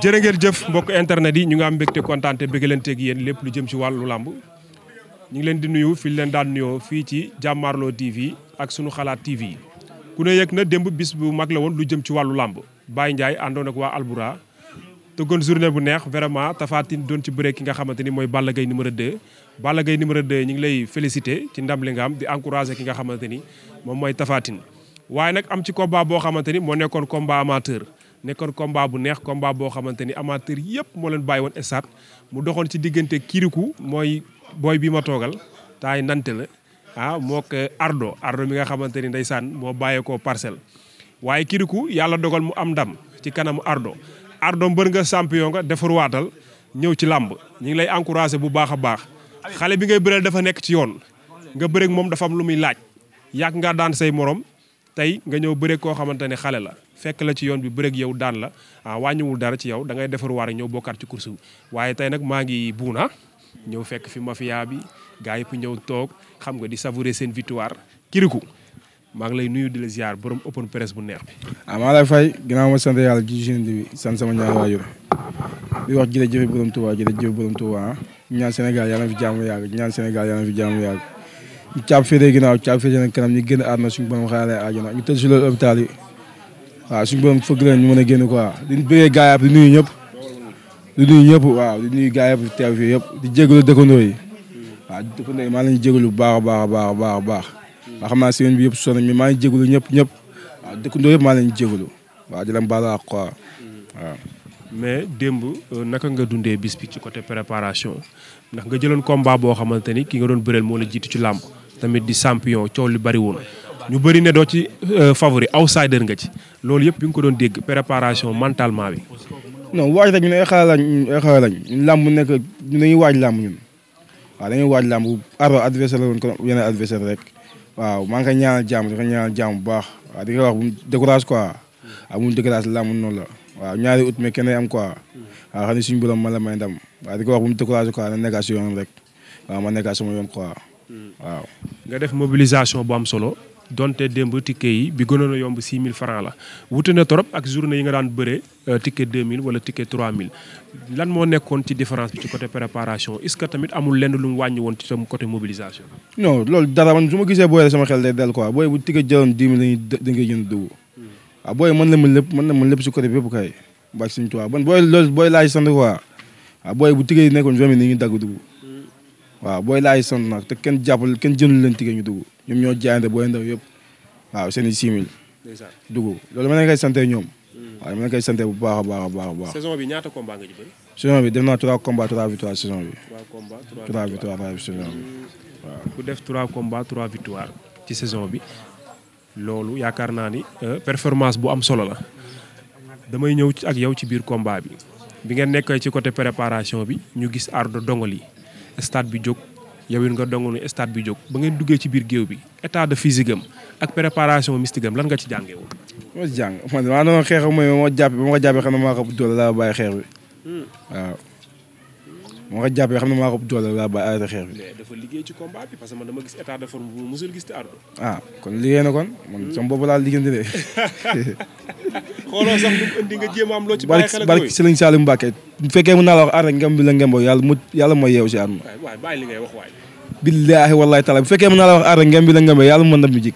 jërë jëf mbokk internet yi ñu nga am mbégte kontaan te bëggalanteeg yéen lépp lu jëm ci wàllu làmb ñu ngi leen di nuyu fi leen daan nuyoo fii ci jàmmaarloo TV ak sunu xalaat TV ku ne yëg na démb bis bu mag la woon lu jëm ci wàllu làmb Baye Ndiaye àndoon ak waa Albura tëggoon journée bu neex vraiment Tapha Tine doon ci bëre ki nga xamante ni mooy Balla Gaye numéro 2. Balla Gaye numéro 2 ñu ngi lay félicité ci ndam li nga am di encouragé ki nga xamante ni moom mooy Tapha Tine waaye nag am ci combat boo xamante ni moo nekkoon combat amateur. nekkoon bu neex combat boo xamante ni amateur yëpp moo leen bàyyi woon stade mu doxoon ci diggante kiriku mooy booy bii ma toogal taay nante la ah moo ko eh, ardo ardo mi nga xamante ni ndeysaan moo bàyyeekoo parcelle. waaye kiriku yàlla dogal mu am ndam ci kanamu ardo Ardo mbër nga champion nga defarwaatal ñëw ci làmb ñu ngi lay encouragé bu baax a baax xale bi ngay bëreel dafa nekk ci yoon nga bëreeg moom dafa am lu muy laaj yàgg nga daan say morom tey nga ñëw bëreeg koo xamante ne xale la fekk la ci yoon bi bëreeg yow daan la ah wàññiwul dara ci yow da ngay defarwaat ñëw bokkaat ci course waaye tey nag maa ngi buuna ñëw fekk fi mafia bi gaa yëpp ñëw toog xam nga di savourer seen victoire kiriku maa ngi lay nuyu di la ziar borom open presse bu neex bi. ah maa lay fay ginnaaw ma sant yàlla ji génn bi sant sama ñaari waajur di wax jërëjëf borom Touba jërëjëf borom Touba ñaan Sénégal yàlla na fi jaamu yàgg ñaan Sénégal yàlla na fi jaamu yàgg. ñu caab féetee ginnaaw caab na nag kanam ñu génn àdduna suñu borom xaale àjjana ñu tëj si loolu hôpital yi waaw suñu borom fëgg leen ñu mën a génn quoi di bëggee gaa yàpp di ñëpp di nuyu ñëpp waaw di nuyu gaa yàpp teew yëpp di jégalu dëkkandoo yi waaw dëkkandoo maa leen jégalu bu baax a baax a baax waaw xam naa semaine bi yëpp sonn mi maa ngi jégalu ñëpp ñëpp waaw dëkkandoo yëpp maa leen jégalu waaw di leen baalu hmm. mais démb euh, naka nga dundee bis bi ci côté préparation ndax nga jëloon combat boo xamante ni ki nga doon bëreel moo la jiitu ci làmb tamit di champion coow bari woon ñu bëri ne doo ci euh, favori outsider nga ci loolu yëpp bi nga ko doon dégg préparation mentalement bi. non waaj rek ñu ne ay xale lañ ay xale lañ làmb nekk ñu dañuy waaj làmb ñun waaw dañuy waaj làmb bu aar adversaire la woon kon yeneen adversaire rek waaw maa ngi koy ñaanal jàmm di bu baax waaw di ko wax bu mu décourage quoi waaw bu mu décourage laa mun noonu la waaw ñaari ut mais kenn am quoi waaw xam ne suñu borom man la may ndam di ko wax bu mu décourage quoi na nekkaat si rek waaw ma nekkaat sama yoon hmm. waaw. nga def mobilisation bu am solo. donte démb ticket yi bi gënoon a yomb mille francs la wute na trop ak journée yi nga daan bëree euh, ticket 2000 wala ticket 3000 lan moo nekkoon ci différence bi ci préparation est-ce que tamit amul lu mu woon ci tam côté mobilisation. non loolu dara man gisee booy sama xel day del quoi booy bu ticket jëloon 10 hmm. ah, mën na mën lépp mën na mën lépp booy loolu booy laaj sant quoi ah, bu ticket yi nekkoon 20 000 dañuy dagg dugg. waaw booy laa sonn nag kenn jàppal kenn jëndul leen ticket ñu dugg ñoom ñoo jaayante booy ndaw yëpp waaw seen i six loolu ma leen koy sante ñoom koy sante bu baax a baax a baax bi ñaata combat nga bi def naa trois combat trois victoire saison bi trois victoire trois saison bi waaw ku def trois combat trois victoire ci saison bi loolu yaakaar naa ni euh, performance bu am solo la damay ñëw ak yow ci biir combat bi bi ngeen nekkee ci côté préparation bi ñu gis ardo dongal yi stade bi jóg yow it nga dongonu stade bi jóg ba ngeen duggee ci biir géew bi état de physique am ak préparation mystique am lan nga ci jàngee woon. moo ci jàng man maa xeex ak mooy moo jàpp ba ma ko jàppee xam ne maa ko doole laa bàyyi xeex bi hmm. moo ko ah, kon liggéey kon man hmm. sama laa liggéeyante de. xooloo a am loo ci bàyyi xel ak yooyu barke Sëriñ Salim la wax aar ngem bi la ngemboo yàlla mu yàlla mooy yeewu si àdduna. waay waay bàyyi jik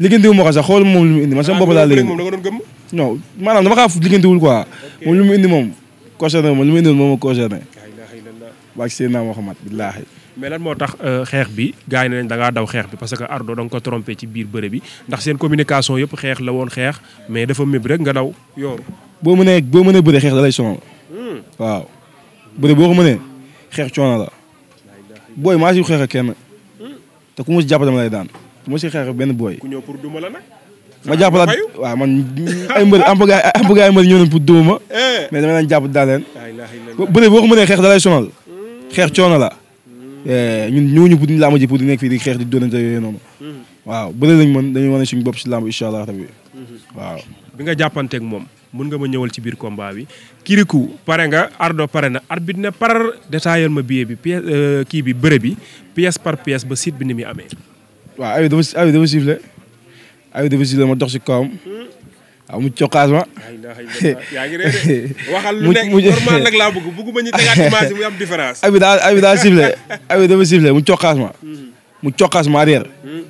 liggéeyantewu ma ko sax lu mu indi man sama bopp laa ah, liggéey non maanaam dama xaaf liggéeyantewul quoi moom concerné ma li may nuyu moom a concerné. waa ci seen naam Muhammad billaahi mais moo tax euh, xeex bi gaa yi ne nañ dangaa daw xeex bi parce que Ardo da nga ko trompé ci biir bëre bi ndax seen communication yëpp xeex la woon xeex mais dafa méb rek nga daw yooru boo mënee boo mënee bëre xeex da lay sonal hmm. waaw bëre boo ko mënee xeex coono la booy maa si xeex a kenn hmm. te ku ma si jàpp dama lay daan ku ma si xeex benn booy ku ñëw pour duma la nag ma jàppalaat waaw man ay mbër am ga am ga ay mbër ñëw nañ pour dóor ma eh. mais dama leen jàpp daal leen bëri boo ko mënee xeex da lay sonal xeex coono la eh, ñun ñëwuñu pour ñu làmb ji pour di nekk fii di xeex di dóorante yooyu noonu mm-hmm. waaw bëri lañ mën dañuy wane suñu bopp si làmb incha allah rabbi mm-hmm. waaw bi nga jàppanteeg moom mën nga ma ñëwal ci biir combat bi kiriku pare nga ardo pare na arbitre ne par détaillé ma billet bi pièce euh, kii bi bëre bi pièce par pièce ba site bi ni muy amee waaw ay dafa ay dafa sifflé ay defisil la ma dox si kawam. mu coxaas ma. yaa ngi réer mu mu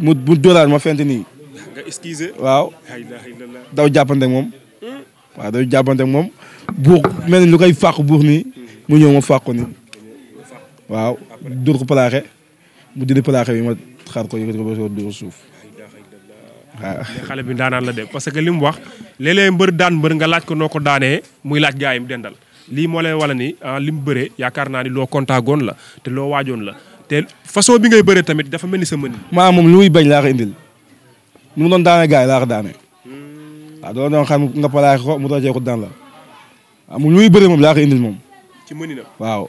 mu mu dóoraat ma fent nii. nga esquissé. waaw daw jàppante ak moom. waaw daw jàppante ak ni lu koy fàq mu ñëw ko nii. waaw dóor ko plaqué mu dindi plaqué bi ma xaar ko ne xale bi daanaan la de parce que li mu wax léeg-léeg mbër daan mbër nga laaj ko noo ko daanee muy laaj gaayam dendal lii moo lay wala ni ah, li mu bëree yaakaar naa ni loo kontaagoon la te loo waajoon la te façon bi ngay bëree tamit dafa mel ni sa mën maa moom lu muy bañ laa ko mu doon daane gaay laa ko daane hmm. waaw doon doon ko mu dojee ko daan la waaw ah, moom lu muy bëree na waaw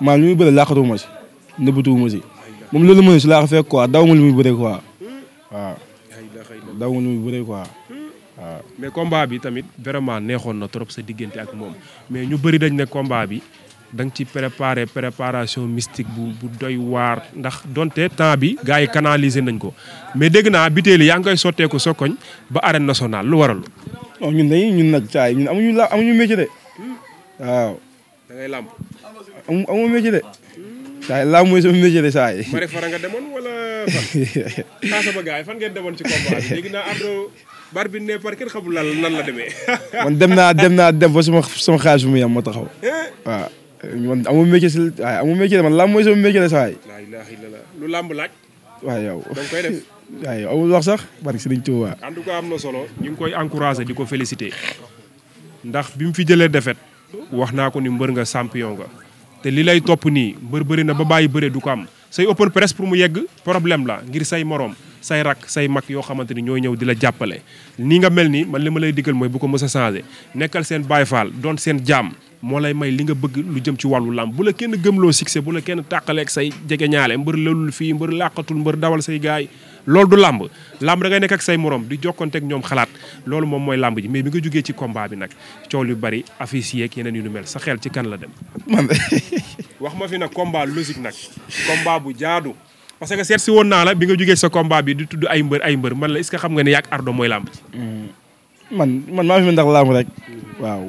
maa lu muy bëree laaxatuwuma si nëbbatuwuma si moom loolu mëni si laa ko fekk quoi daw ma lu muy bëree quoi hmm. waaw daawu ñu bëre quoi hmm. waaw. mais combat bi tamit vraiment neexoon na trop sa diggante ak moom mais ñu bëri dañ ne combat bi da nga ci préparé préparation mystique bu bu doy waar ndax donte temps bi gars yi canaliser nañ ko mais dégg naa bitéeli yaa ngi koy sotteeku Sokone ba arène nationale lu waral. non ñun dañuy ñun nag caay ñun amuñu la amuñu métier de hmm. waaw. da ngay làmb de. Hmm. saa yi laa mooy sama métier de saa yi. mari fara nga demoon wala fan. sama gars yi fan ngeen demoon ci combat bi léegi naa Ardo bar bi ne par kenn xamul lan nan la demee. man dem naa dem naa dem ba sama sama xaalis bu muy amu métier man laa mooy sama métier de saa yi. laa ilaaha lu làmb laaj. waaw yow da koy def. waaye amul wax sax barke Sëriñ Tuubaa. en tout cas am na solo. ñu ngi koy encouragé di ko félicité. ndax bi mu fi jëlee défaite. wax naa ko ni mbër nga champion nga. te li lay topp nii mbër bëri na ba bàyyi bëre du ko am say open press pour mu yegg problème la ngir say moroom say rakk say mag yoo xamante ni ñooy ñëw di la jàppale ni nga mel ni man li ma lay diggal mooy bu ko mës a changé nekkal seen baay faal doon seen jaam moo lay may li nga bëgg lu jëm ci wàllu làmb bu la kenn gëmloo succès bu la kenn tàqaleeg say jege ñaale mbër lëlul fii mbër làqatul mbër dawal say gaay loolu du lamb lamb da nga nekk ak say morom di jokkonteeg ñoom xalaat loolu moom mooy lamb ji mais bi nga jógee ci combat bi nag coow yu bari affiche yeeg yeneen yu nu mel sa xel ci kan la dem. man wax ma fi nag combat logique nag combat bu jaadu. parce que seet si woon naa la bi nga jógee sa combat bi di tudd ay mbër ay mbër man la est-ce nga ne yàgg ardo mooy làmb ji. Hmm. man man maa fi ndax làmb rek waaw.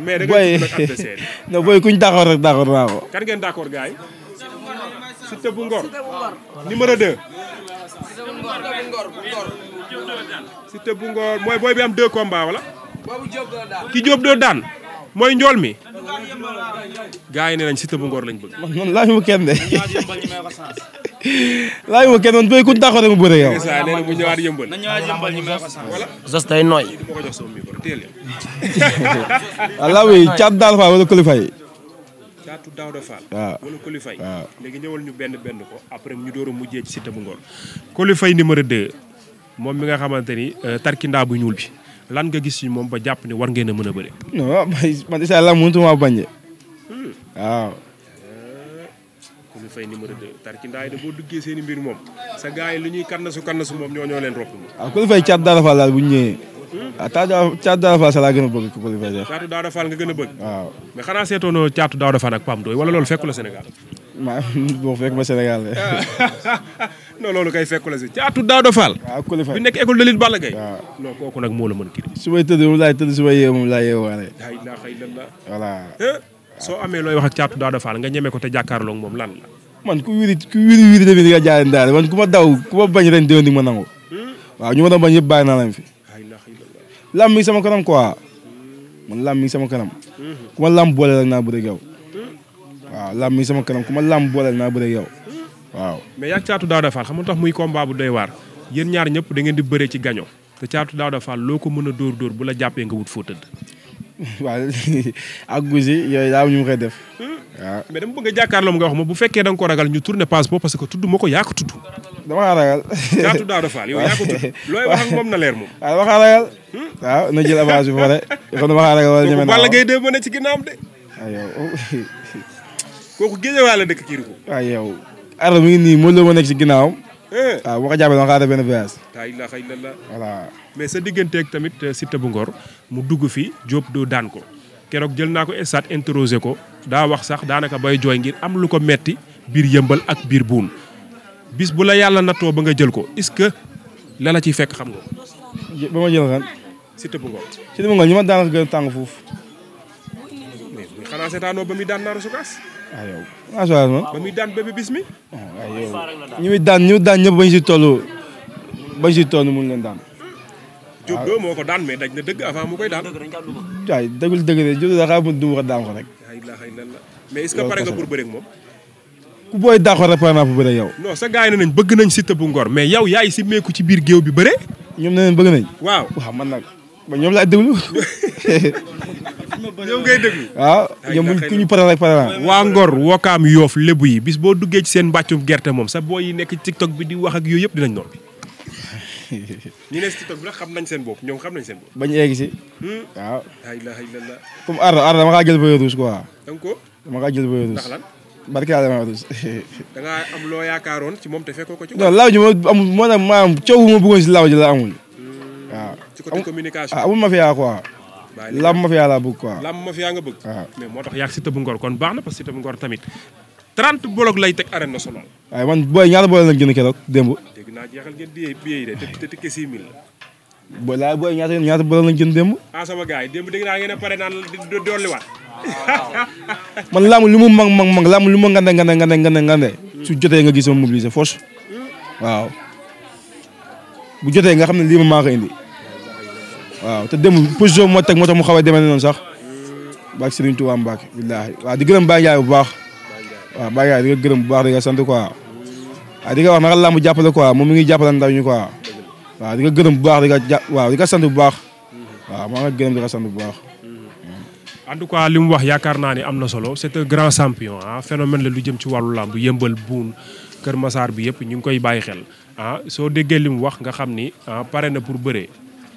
mais da ngay tudd booy kuñ d'accord rek d'accord naa ko. kan ngeen d'accord Siteu bu Ngor mooy booy bi am deux wala. ki Diop daan mooy njool mi. gars yi ne bu Ngor lañ bëgg. man man laaj ma kenn de laaj ma kenn man béy ku mu bëre yow. saa nee na daal faa wala këlifa yi. Caatu Daouda Fall. waaw ah. wala Coly Faye. waaw ah. léegi ñëwal ñu benn benn ko après ñu door mu mujjee ci Siteu bu Ngor. Coly Faye numéro 2 moom mi nga xamante ni euh, tarkindaa bu ñuul bi lan nga gis ci moom ba jàpp ne war ngeen a mën a bëri. non man incha allah mënut maa bañ. waaw. Hmm. Ah. Euh, Coly Faye numéro 2 tarkindaa yi de boo duggee seeni i mbir moom sa gars yi lu ñuy kannasu kannasu moom ñoo ñoo leen ropp. waaw Coly Faye Caatu Daouda Fall daal bu ñu ah caatu Daouda Fall sax laa gën a bëgg Coupe Liberté. caatu Daouda Fall a bëgg. waaw mais xanaa seetoonoo caatu Daouda Fall ak Pam Doy wala loolu fekku la Sénégal. maa boo fekk ma Sénégal de. non loolu kay fekku la si caatu Daouda Fall. waaw Coupe Liberté bi nekk école de lutte Balla Gaye. waaw non kooku nag moo la mën kii. su may tëdd moom laay tëdd su may yee moom laay yeewaale. Eh, soo amee looy wax ak caatu Daouda Fall nga ko te jàkkaarloo moom la. man ku wiri ku wiri wiri tamit nga jaay daal man di ma nangu. Hmm? waaw ñu ma doon bañ yëpp lam sama kanam quoi man lam mhm. hmm? sama kanam ku ma lam boole rek naa bëre yow waaw lam mi sama kanam ku ma lam boole naa bëre yow waaw. mais yaa caatu Daouda Fall xam nga tax muy combat bu doy waar yéen ñaar ñëpp da ngeen di bëree ci gaño te caatu Daouda Fall loo ko mën a dóor dóor bu la jàppee nga wut foo tëdd. waaw ak gusi yooyu daa am ñu ma koy def hmm? waaw. mais a bu fekkee da nga ko ragal ñu tourner parce que tudd ma ko yaa ko damaa ragal. jaatu Daouda Fall yow yaa ko tudd looy wax moom na leer moom. waaw ah, damaa ragal. waaw na jël avance bi pare kon damaa ragal wala dee ba ne ci ginnaawam de. waaw ah, yow. kooku ah, mi ngi nii Modou Lo ma nekk ci ginnaawam. waaw eh. boo ko jàppee dama xaar mais sa digganteeg tamit euh, Siteu bu Ngor mu dugg fi Diop doo daan ko keroog jël naa ko sat introsé ko daa wax sax daanaka bay jooy ngir am lu ko metti biir yëmbal ak biir buun bis bu la yàlla nattoo ba nga jël ko est-ce que la la ciy fekk xam nga. ba ma jël kan. si tëb ngoon. si tëb ngoon ñu ma daan gën a tàng foofu. mais muy xanaa seetaanoo ba muy daan naaru sukaas. ah yow assurance ah, man. ba muy daan bébé bis mi. ah yow ñu muy daan ñu daan ñëpp bañ si toll bañ si toll mun leen daan. Diop doo moo ko daan mais daj na dëgg avant mu koy daan. waaye dëggul dëgg de Diop daal xaaral ma duma ko daan ko rek. mais est-ce que pare nga pour bëre ak moom. ku booy daaxoon rek pare naa fa bëre yow. non sa gars yi ne nañ bëgg nañ Siteu bu Ngor mais yow yaay si meeku ci biir géew bi bëre. ñoom ne nañ bëgg nañ. man nag ba ñoom laa déglu. ñoom ngay déglu. waaw ñoom buñ ku ñu pare rek pare naa. waa Ngor Wakaam Yoof Lebu yi bis boo duggee ci seen mbàccum gerte moom sa booy yi nekk ci TikTok bi di wax ak yooyu yëpp dinañ noppi. ñi ne si TikTok xam nañ seen bopp ñoom xam nañ seen bopp. bañ egg si. Hmm? waaw. la ilaha illallah. comme Ardo barke yàlla ma rus. da ngaa am loo yaakaaroon ci moom te fekkoo ko ci. non laaw ji ma amul moo tax maanaam coow ma bëggoon si laaw ji la amul. Hmm. waaw ci côté communication ah, amul ma fi yaa quoi. lam ma fi yaa laa bëgg quoi. lam ma fi yaa nga bëgg. waaw mais moo tax yaa ngi si tëbu ngor kon baax na parce que tëbu ngor tamit 30 bolok lay teg arène nationale. waaye man booy ñaata bolok lañ gën a keroog démb. dégg naa jeexal ngeen billet billet yi de te te te 6000 la. booy laay booy ñaata ñaata bolok lañ gën démb. ah sama gars yi démb dégg naa ngeen a pare naan dolliwaat man laamu lu mu mag mag mag laamu lu ma ngande ngande ngande ngande ngande su jotee nga gis ma mobiliser force waaw bu jotee nga xam ne lii ma maa ko indi waaw te dem position moo teg moo tax mu xaw a demee noonu sax baak Serigne Touba Mbacke billaahi waaw di gërëm Baye Ndiaye bu baax waaw Baye Ndiaye di nga gërëm bu baax di nga sant nga wax naka laa mu jàppale quoi moom mi ngi jàppale ndaw ñu quoi nga gërëm bu baax di nga ja waaw di nga bu baax waaw maa nga gërëm di nga sant bu baax en tout cas li mu wax yaakaar naa ni am na solo c'est un grand champion ah la lu jëm ci wàllu làmb yëmbal buun Kër Masaar bi yëpp ñu ngi koy bàyyi xel ah soo déggee li mu wax nga xam ni ah, pare na pour bëree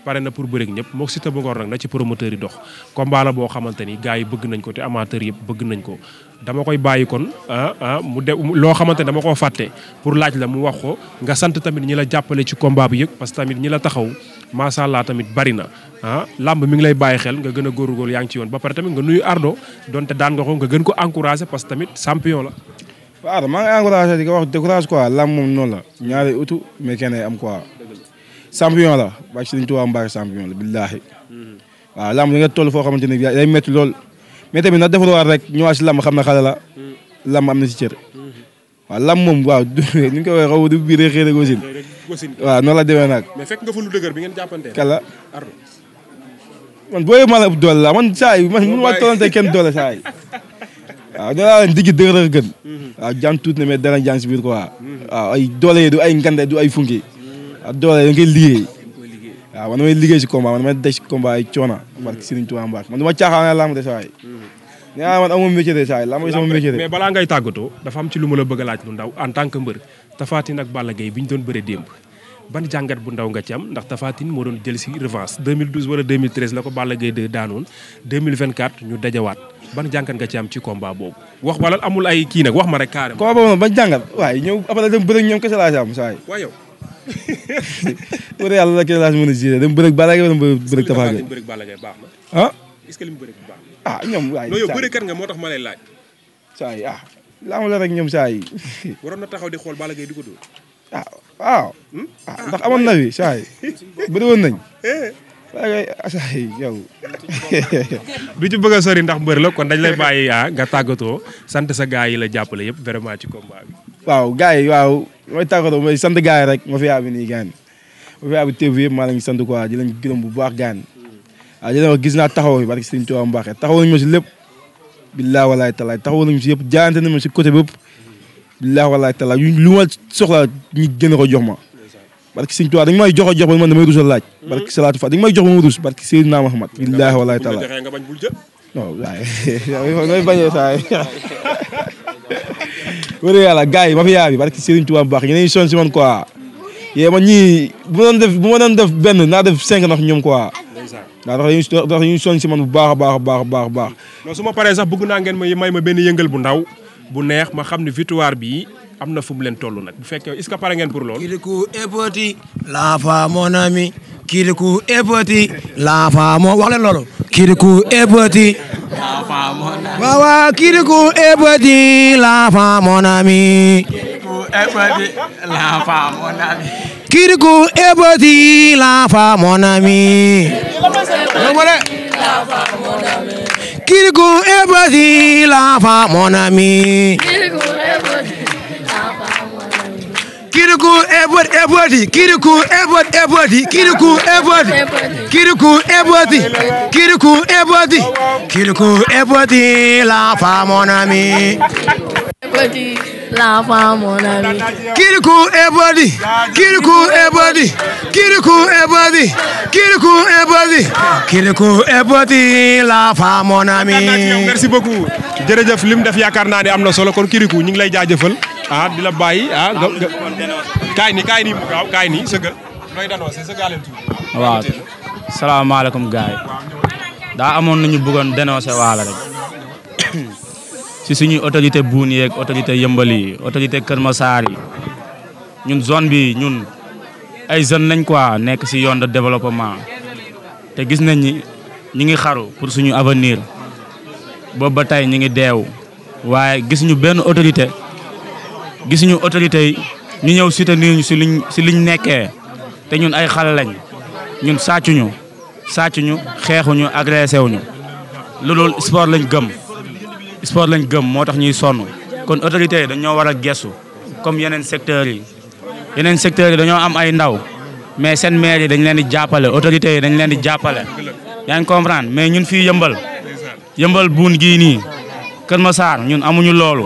pare na pour bëreeg ñëpp mook Siteu bu Ngor nag na ci promoteur yi dox combat boo xamante ni gars yi bëgg nañ ko te amateur yëpp bëgg nañ ko dama koy bàyyi kon ah, ah, mu loo xamante ne dama koo fàtte pour laaj la mu wax ko nga sant tamit ñi la jàppale ci combat bi yëpp parce que tamit ñi la taxaw macha allah tamit bari na ah làmb mi ngi lay bàyyi xel nga gën a góorgóorlu yaa ngi ci yoon ba pare tamit nga nuyu Ardo donte daan nga ko nga gën ko encouragé parce que tamit champion la. waaw Ardo maa wax décourage quoi làmb moom noonu la ñaari utu mais am quoi. champion la bàyyi si liñ la billaahi waaw lamb da nga toll foo xamante ni day métti lool mais tamit na defaruwaat rek ñëwaat si lamb xam na xale la lamb am na si cër waaw lamb moom waaw du ni ñu ko waxee xaw du biir rek xëy la demee nag. mais fekk nga fa lu dëgër bi ngeen jàppante. kala Ardo man booy ma bu doole la man saa yi man mënu ma tolante kenn doole saa yi waaw nee naa leen digg dëgër gën. Mhm. na mais dara jaan si biir quoi. Mhm. ay doole yi du ay ngande du ay funki ak doole da ngay liggéey waaw man damay liggéey si combat man damay daj si combat yi coono barke Serigne Touba Mbacke man dama caaxaane lamb de mm-hmm. ngay tàggatoo dafa am ci lu ma la bëgg a laaj lu ndaw en tant que mbër Tapha ak Balla Gaye bi ñu doon bëre démb ban jàngat bu ndaw nga ci am ndax Tapha Tine moo doon jël si revanche 2012 wala 2013 la ko Balla Gaye 2 daanoon 2024 ñu dajawaat ban jàngat nga ci am ci combat boobu wax wala amul ay kii nag wax ma rek carrément combat boobu noonu ban jàngat waaye ñëw après dem bëre war na yàlla la kii laaj mën a gérer dem bërëg Balla Gaye wala bërëg Tapha Gaye. bërëg Balla Gaye baax na. ah est-ce que li mu bërëg baax na. ah ñoom waaye. saa yi yow bërëkat nga moo tax ma lay laaj. saa yi ah laamu la rek ñoom saa yi. waroon na taxaw di xool Balla Gaye di ko dóor. ah waaw. Hmm? ah ndax amoon na fi saa yi bëri woon nañ. waaye eh? ah, saa yi yow. du ci bëgg a sori ndax mbër la kon dañ lay bàyyi ah nga tàggatoo sant sa gars yi la jàppale yëpp vraiment ci combat bi. waaw gars yi waaw mooy tàggatoo mooy sant gars yi rek ma fi yaabi nii gaan ma fi yaabi teew yëpp maa la ngi sant quoi di leen gërëm bu baax gaan waaw di leen wax gis naa taxaw bi barke Sëriñ Tuubaa Mbàkke taxaw nañu ma si lépp billaa walaay talaay taxaw nañu si yëpp jaante nañu ma si côté bépp billaa walaay talaay lu ma soxla ñu gën a ko jox ma barke Sëriñ Tuubaa dañu may jox a jox ba man damay rus a laaj hmm. barke salaatu fa dañu may jox ba ma rus barke Seydina Muhammad billaa walaay talaay non waaye nooy bañee saay wër yàlla gars yi mafia bi barki Serigne Touba baax ñu ne ñu sonn si man quoi yee man bu ma doon def bu ma cinq ndax ñoom quoi. waaw ndax dañuy ndax dañuy sonn si man bu baax a baax a baax a baax. non su ma ma benn yëngal bu ndaw bu neex ma xam ne victoire bii am na fu mu leen toll nag bu fekkee est-ce que pare ngeen pour loolu. kirikou et petit l'enfant moo wax leen loolu kirikou et petit l'enfant mon ami waaw waaw kirikou et petit l'enfant mon ami kirikou et petit l'enfant mon ami kirikou et petit l'enfant mon ami kirikou et petit l'enfant mon ami Kirikou Airport Airport yi Kirikou Airport Airport yi Kirikou Airport yi Kirikou Airport yi Kirikou Airport yi Kirikou Airport yi l'enfant mon ami l'enfant mon ami Kirikou Airport yi Kirikou Airport yi Kirikou Airport yi Kirikou Airport yi Kirikou Airport yi l'enfant mon ami merci beaucoup jërëjëf lim def yaakaar naa ne am na solo kon Kirikou ñu ngi lay jaajëfal ah di la bàyyi ah nga kaay nii kaay nii mu kaay nii sëgal looy danoo c'est sëgaleen tuuti. waaw salaamaaleykum gars daa amoon nañu bëggoon dénoncer waala rek si suñuy autorité buun yeeg autorité yëmbal yi autorité Kër Massar yi ñun zone bi ñun ay jeunes lañ quoi nekk si yoon de développement te gis nañ ni ñi ngi xaru pour suñu avenir boobu ba tey ñi ngi deew waaye gis ñu benn autorité gisuñu autorité yi ñu ñëw soutenir ñu si liñ si liñ nekkee te ñun ay xale lañ ñun sàccuñu sàccuñu xeexuñu agressé wuñu lu dul sport lañ gëm sport lañ gëm moo tax ñuy sonn kon autorité yi dañoo war a gestu comme yeneen secteurs yi yeneen secteurs yi dañoo am ay ndaw mais seen maire yi dañ leen di jàppale autorités yi dañ leen di jàppale yaa ngi comprendre mais ñun fi yëmbal yëmbal buun gii nii Kër ñun amuñu loolu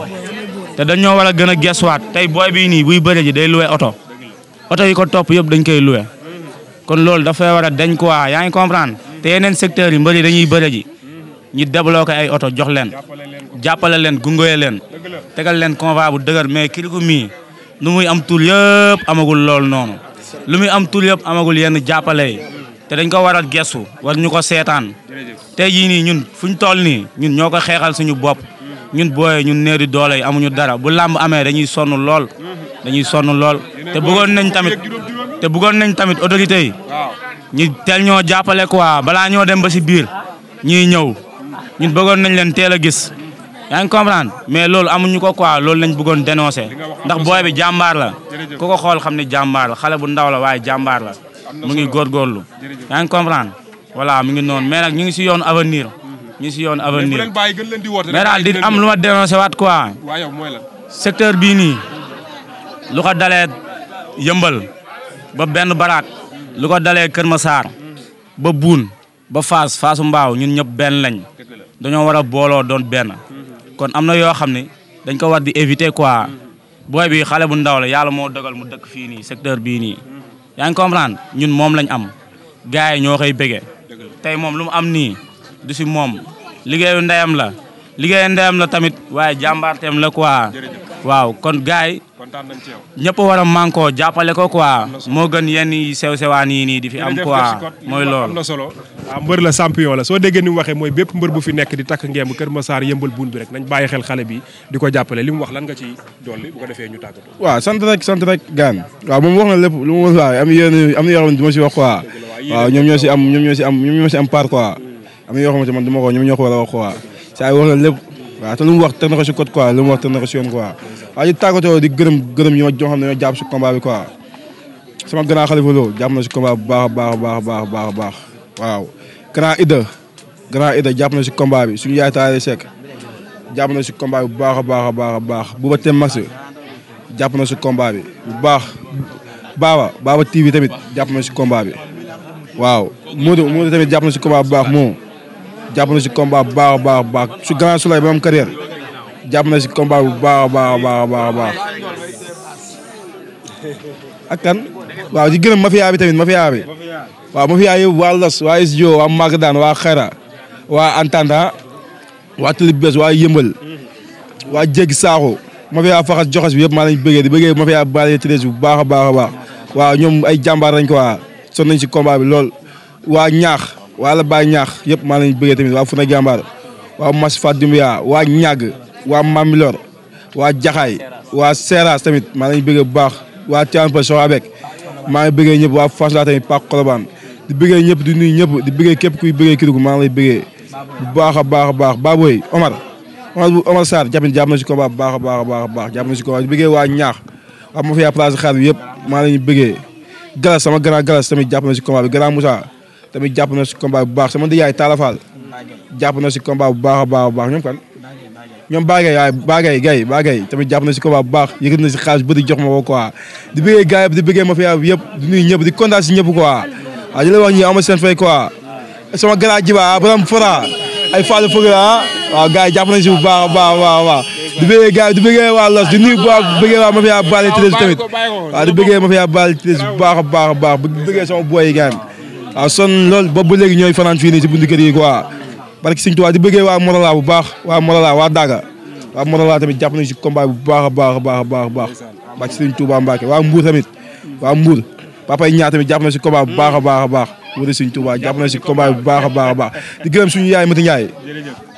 te dañoo war a gën a gesuwaat tey booy bii nii buy bëre ji day luwe oto oto yi ko topp yëpp dañ koy luwe kon loolu dafay war a dañ ko yaa ngi comprendre te yeneen secteurs yi mbëri dañuy bëre ji ñu débloqué ay oto jox leen jàppale leen gungoye leen tegal leen convoi bu dëgër mais Kirikou mii lu muy am tur yëpp amagul lool noonu lu muy am tur yëpp amagul yenn jàppale te dañ ko war a gestu war ñu ko seetaan tey jii nii ñun fu ñu toll nii ñun ñoo ko xeexal suñu bopp ñun booyee ñun néeri doole yi ñu dara bu làmb amee dañuy sonn lool dañuy sonn lool te bëggoon nañ tamit te bëggoon nañ tamit autorité yi ñu tel ñoo jàppale quoi bala ñoo dem ba si biir ñuy ñëw ñun bëggoon nañ leen teel a gis yaa ngi comprendre mais loolu amuñu ko quoi loolu lañ bëggoon dénoncer ndax booy bi jàmbaar la ku ko xool xam ne jàmbaar xale bu ndaw la waaye jàmbaar la mu ngi góorgóorlu yaa ngi comprendre voilà mu ngi noonu mais nag ngi si yoonu avenir ñu si yoon avenir mais daal di am lu ma dénoncé waat quoi secteur bii nii lu ko dalee yëmbal ba benn baraak lu ko dalee Kër Masaar ba buun ba faas faasu mbaaw ñun ñëpp benn lañ dañoo war a booloo doon benn kon am na yoo xam ne dañ ko war di éviter quoi booy bi xale bu ndaw la yàlla moo dogal mu dëkk fii nii secteur bii nii yaa ngi comprendre ñun moom lañ am gars ñoo koy bëggee tey moom lu mu am nii du si moom liggéeyu ndeyam la liggéeyu ndeyam la tamit waaye jàmbaarteem la quoi waaw kon gaay ñëpp war a mànkoo jàppale ko quoi moo gën yenn yi sew sewaan yi nii di fi am quoi mooy loolu am na solo waaw ah, mbër la champion la soo déggee ni mu waxee mooy bépp mbër bu fi nekk di takk ngemb Kër Massar yëmbal buun bi rek nañ bàyyi xel xale bi di ko jàppale li mu wax lan nga ci dolli bu ñu tàggatoo waaw sant rek sant rek gaan waaw moom wax na lépp lu mu wax am yéen am na yoo si wax quoi ñoom ñoom ñoom si am am na yoo xamante man dama ko ñoom ñoo ko war a wax quoi saa yi wax na lépp waaw te lu mu wax teg na ko si code quoi lu mu wax teg na ko si yoon quoi waaye di tàggatoo di gërëm gërëm yi ma joo xam ne ñoo jàpp si combat bi quoi sama grand Khalifa Lo jàpp na si combat bu baax baax baax baax baax baax waaw grand Ida grand Ida jàpp na si combat bi suñu yaay taale Seck jàpp na si combat bi bu baax a baax a baax a baax bu ba tem max jàpp na si combat bi bu baax baaba baaba TV tamit jàpp na si combat bi waaw Modou Modou tamit jàpp na si combat bu baax moom jàpp na si combat bu baax a baax a baax su grand soleil ba am carrière jàpp na si combat bu baax a baax a baax a baax ak kan waaw di gërëm mafia bi tamit mafia bi waaw mafia yëpp waa Las waa Isdio waa Magdane waa Xayra waa Antanda waa Tulib Bes waa Yëmbal waa Jéggi Saaxo mafia faxas joxas bi yëpp maa lañ bëggee di bëggee mafia bale treize bu baax a baax a baax waaw ñoom ay jàmbaar lañ ko waa son nañ si combat bi lool waa ñaax wala Baye Ñaax yëpp maa lañu bëggee tamit waa Funa waa Masfa Dumbuya waa ñag waa Mamilor waa Jaxaay waa Seras tamit maa lañu bëggee bu baax waa Tivaouane Peulh Soxna Bek maa ngi bëggee waa Fass la tamit Pape Colobane di bëggee ñëpp di nuyu ñëpp di bëggee képp kuy bëggee Kédougou maa ngi lay bëggee bu baax a baax baax Baboy Omar Omar Omar Sarr jàpp jàpp na si combat bu baax a baax a baax a baax jàpp na si combat di bëggee waa ñaax waa Mafia place xaar yëpp maa lañu bëggee Galas sama grand Galas tamit jàpp na si combat bi grand Moussa tamit jàpp na si combat bu baax sama di yaay Talla Fall jàpp na si combat bu baax a baax a baax ñoom kan ñoom baagay waaye baagay gay baagay tamit jàpp na si combat bu baax yëkkati na si xaalis bëri jox ma ko quoi di bëggee gars yëpp di bëggee ma fi yëpp di nuyu ñëpp di kontaan si ñëpp quoi waaw di la wax ñi ama seen fay quoi sama grand jiba borom fara ay Fallou Fëgg ah waaw gars yi jàpp nañu si bu baax a baax waaw waaw di bëggee gars yi di bëggee waa Los di nuyu bu baax di bëggee waa Mafia Balla Treize tamit waaw di bëggee Mafia Balla Treize bu baax a baax a baax di bëggee sama boy yi gars waaw son loolu ba ba léegi ñooy fanaan fii nii si buntu kër yi quoi parce que sëñ Tuubaa di bëggee waa Morola bu baax waa Morola waa Daga waa Morola tamit jàpp nañ si combat bu baax a baax baax a baax baax baax si sëñ Tuubaa Mbàkke tamit waa Mbuur papa yi ñaar tamit jàpp na si bu baax a baax a baax wala sëñ Tuubaa jàpp na si combat bu a baax a baax di gërëm suñu yaay Mati Njaay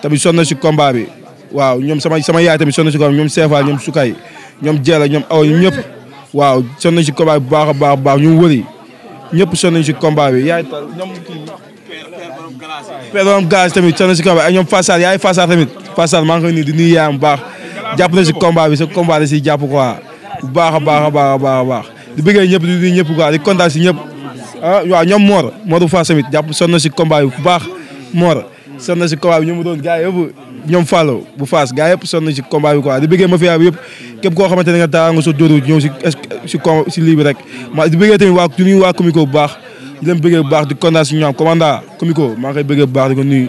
tamit son na si combat bi waaw ñoom sama sama yaay tamit son na si combat ñoom Seefaal ñoom Sukay ñoom Jeela ñoom Awa ñoom ñëpp waaw son na si combat bu baax a baax a baax ñoom wëri ñëpp sonn si combat bi yaay tar ñoom kii père borom tamit sonn si combat ay ñoom Fassar yaay Fassar tamit Fassar maa ngi koy di bu baax jàpp na si combat bi sa combat da siy jàpp quoi bu baax a baax a a baax a baax ñëpp di nuyu ñëpp quoi di kontaan si ñëpp ah waaw ñoom Mor Morou tamit jàpp sonn si combat bi bu baax Mor sonn si combat bi ñu mu doon ñoom Fallo bu Fass gaa yëpp sonn ci combat bi quoi di bëggee mafia bi yëpp képp koo xamante ne nga taa nga sot si si si lii rek ma di bëggee tamit waa di nuyu waa comico bu baax di leen bëggee bu baax di kontaan si ñoom commanda comico maa ngi koy bëggee bu baax di ko nuyu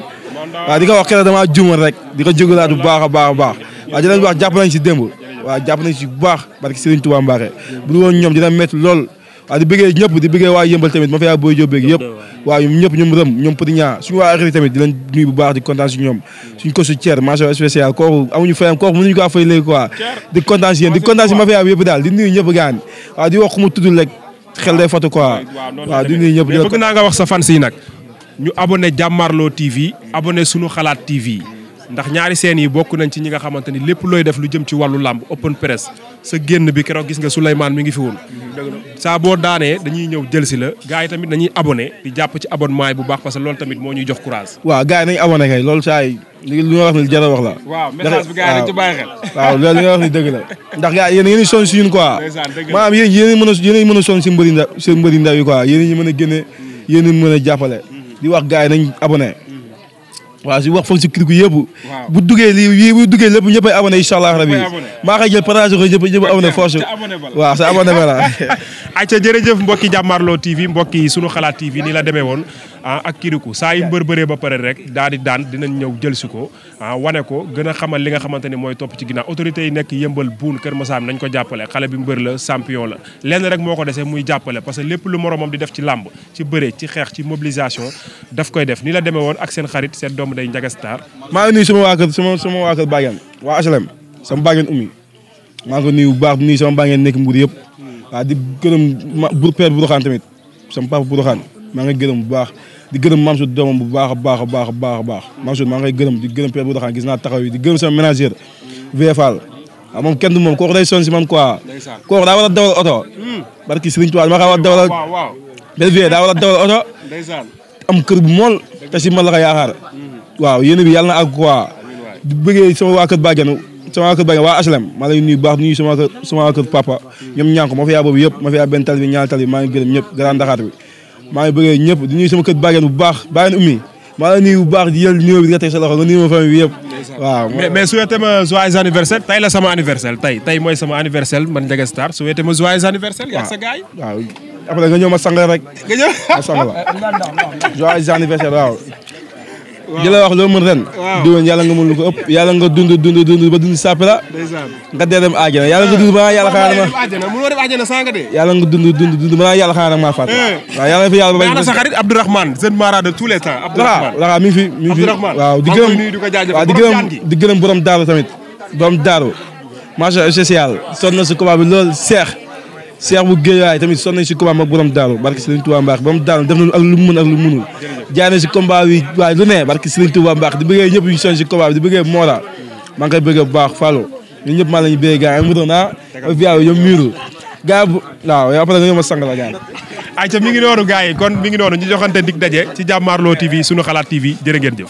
di ko wax kenn damaa rek di ko jégalaat bu baax a baax a baax waaw di leen wax jàpp nañ si démb waaw jàpp nañ si bu baax barke Serigne Touba Mbacké bu dul woon waaw ah, di bëggee ñëpp di bëggee waa yëmbal tamit ma fa yaa booy jóbeeg yëpp waaw ñoom ñëpp ñoom rëm ñoom petit ñaa suñu waa arri tamit di leen nuyu bu baax di kontaan si ñoom suñ ko su Thier mention spéciale kooku amuñu fayam kooku mënuñu ko fay léegi quoi di kontaan si yéen di kontaan si ma fa yaa yëpp daal di nuyu ñëpp gaan waaw di wax ku mu tuddul rek xel day fatu quoi waaw di nuyu ñëpp bëgg naa nga wax sa fans yi nag ñu abonné Jàmmarloo TV abonné suñu xalaat TV ndax ñaari seen yi bokk nañ ci ñi nga xamante ni lépp looy def lu jëm ci wàllu làmb open press sa génn bi keroog gis nga Souleymane mi ngi fi woon saa daanee dañuy ñëw jël si la gars yi tamit dañuy abonné di jàpp ci abonnement yi bu baax parce que lool tamit moo ñuy jox courage waaw gars yi nañ abonné kay loolu saa yi li nga wax ni jar wax la waaw message bi gars yi dañ ci la ndax gars yéen yéen son si ñun quoi maanaam yéen yéen mën a yéen mën a son si mbëri ndaw si mbëri ndaw yi quoi yéen ñi mën a génne yéen mën a jàppale di wax gars nañ abonné waaw si wax fan si kii gu yëpp. bu duggee lii bu duggee lépp ñëpp ay abonné incha allah rabi. maa koy jël partage ko ñëpp ñëpp abonné force. waaw sa abonné ba la. ayca jërëjëf mbokki jàmmaarloo TV mbokki sunu xalaat TV nii la demee woon ah ak kiriku saa yu mbër bëree ba pare rek daal di daan dinañ ñëw jël si ko ah wane ko gën a xamal li nga xamante ni mooy topp ci ginaa autorité yi nekk yëmbal buun kër Masaam nañ ko jàppale xale bi mbër la champion la lenn rek moo ko desee muy jàppale parce que lépp lu moromam di def ci làmb ci bëre ci xeex ci mobilisation daf koy def ni la demee woon ak seen xarit seen doomu day njagastar maa nga nuyu sama waa kër sama sama waa kër bàggeen waa HLM sama bàggeen ummi maa ngi ko nuyu bu baax nuyu sama bàggeen yëpp hmm. waaw di gërëm bu père bu roxaan tamit sama papa bu maa ngay gërëm bu baax di gërëm Mansour doomam bu baax a baax a baax a baax a baax Mansour maa nga gërëm di gërëm Père Boudaxaan gis naa taxaw di gërëm sama ménagère VFL waaw ah, moom kenn du moom kooku day son si man quoi kooku daa war a dawal oto hmm. barki Serigne Touba ma xaa war a dawal Belvier daa war a dawal oto am kër bu mool te si man la ko yaakaar hmm. waaw yéen bi na àgg quoi di bëggee sama waa kër bàjjan sama waa kër bàjjan waa HLM maa lay nuyu baax nuyu sama kër sama waa papa ñoom ñànk ma fi boobu yëpp maa ngi gërëm ñëpp grand Dakar bi maa ngi bëggee ñëpp di nuyu sama kër bàggeen bu baax bàggeen ummi maa ngi nuyu bu baax di jël nuyoo bi di nga teg sa loxo ma famille bi yëpp waaw mais la sama anniversaire tey tey mooy sama anniversaire yaa sa gaay nga ñëw ma sang nga ñëw ma sang la joyeux di la wax loo mën ren. waaw diwoon yàlla nga mën lu ko ëpp yàlla nga dund dund dund ba dund sàppi la. nga dee dem àjjana yàlla nga dund ba yàlla xaaral ma. yàlla maa fàtt. Eh. waaw yàlla na fi yàlla ba bañ. sa xarit Abdourahmane na si combat lool seex Cheikh bu Guédiawaye tamit sonn nañ si combat mag borom daanu barki Serigne Touba Mbacke borom daanu ak lu ak lu mënul jaay nañ si barki Serigne Touba Mbacke di bëggee ñëpp ñu sonn si combat bi di bëggee Mora maa ngi koy bëggee bu baax Fallou la ñu bëggee gars yi mu doon naa ah, via yom miiru gars bu waaw ay ca mi ngi noonu yi kon mi ngi noonu ñu joxante dig daje ci Jàmmaarloo TV suñu xalaat TV jërë ngeen jëf